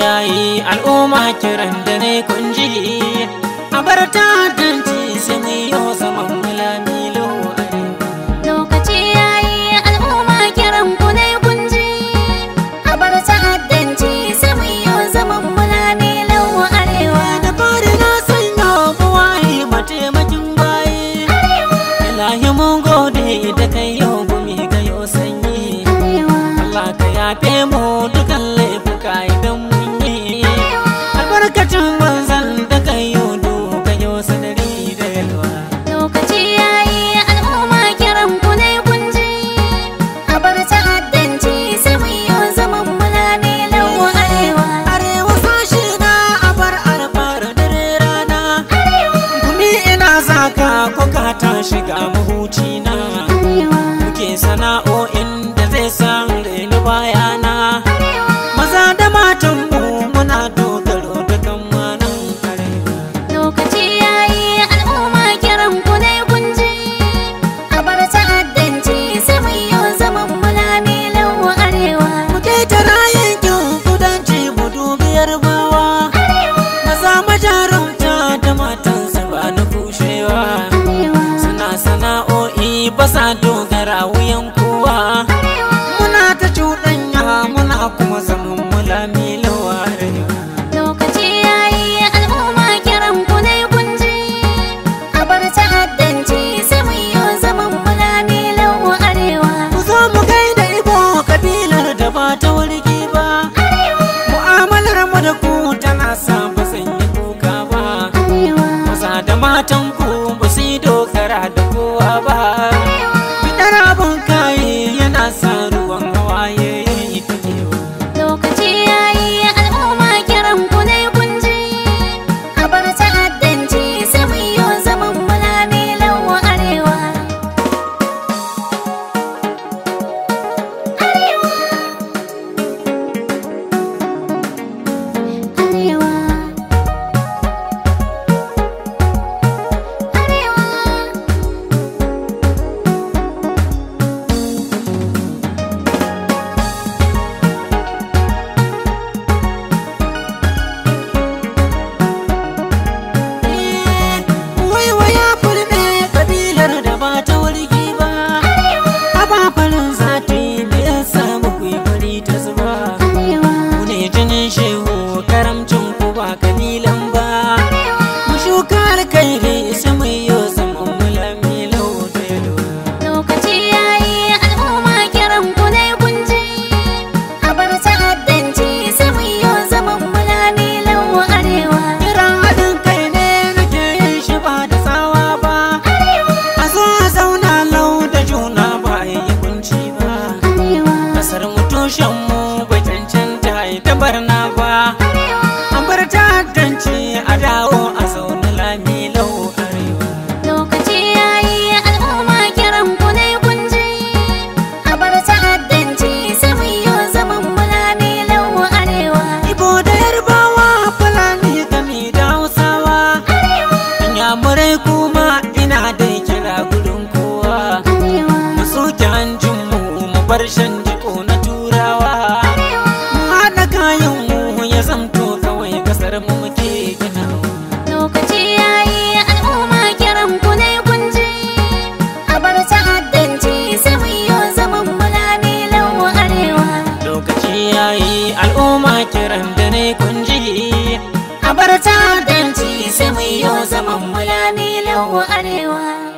yayi al'umma kiran da ne kunji a bar ta danci sun yi yau zaman mulami lokaci yayi al'umma kiran ku ne kunji a bar ta danci sun yi yau saman mulami lau arewa da fari na san yau buwaye mataimakin baye lahi mun gode da kai yau gumi ga yau sanyi Allah ka yafe mu duka shiga mahuci basa dogara wuyan kowa muna ta cuɗanya muna kuma zaman mulami laware lokaci yayi al'umma kiran ku ne kunji a bar ta'addanci sai mu yi zaman mulami lawo arewa ku zo mu gaida ibo kabilar da ba ta warke ba mu'amalar mu da ku tana sa ba san yi kuka ba maza da matan ku sai mu yi zaman mulami lami arewa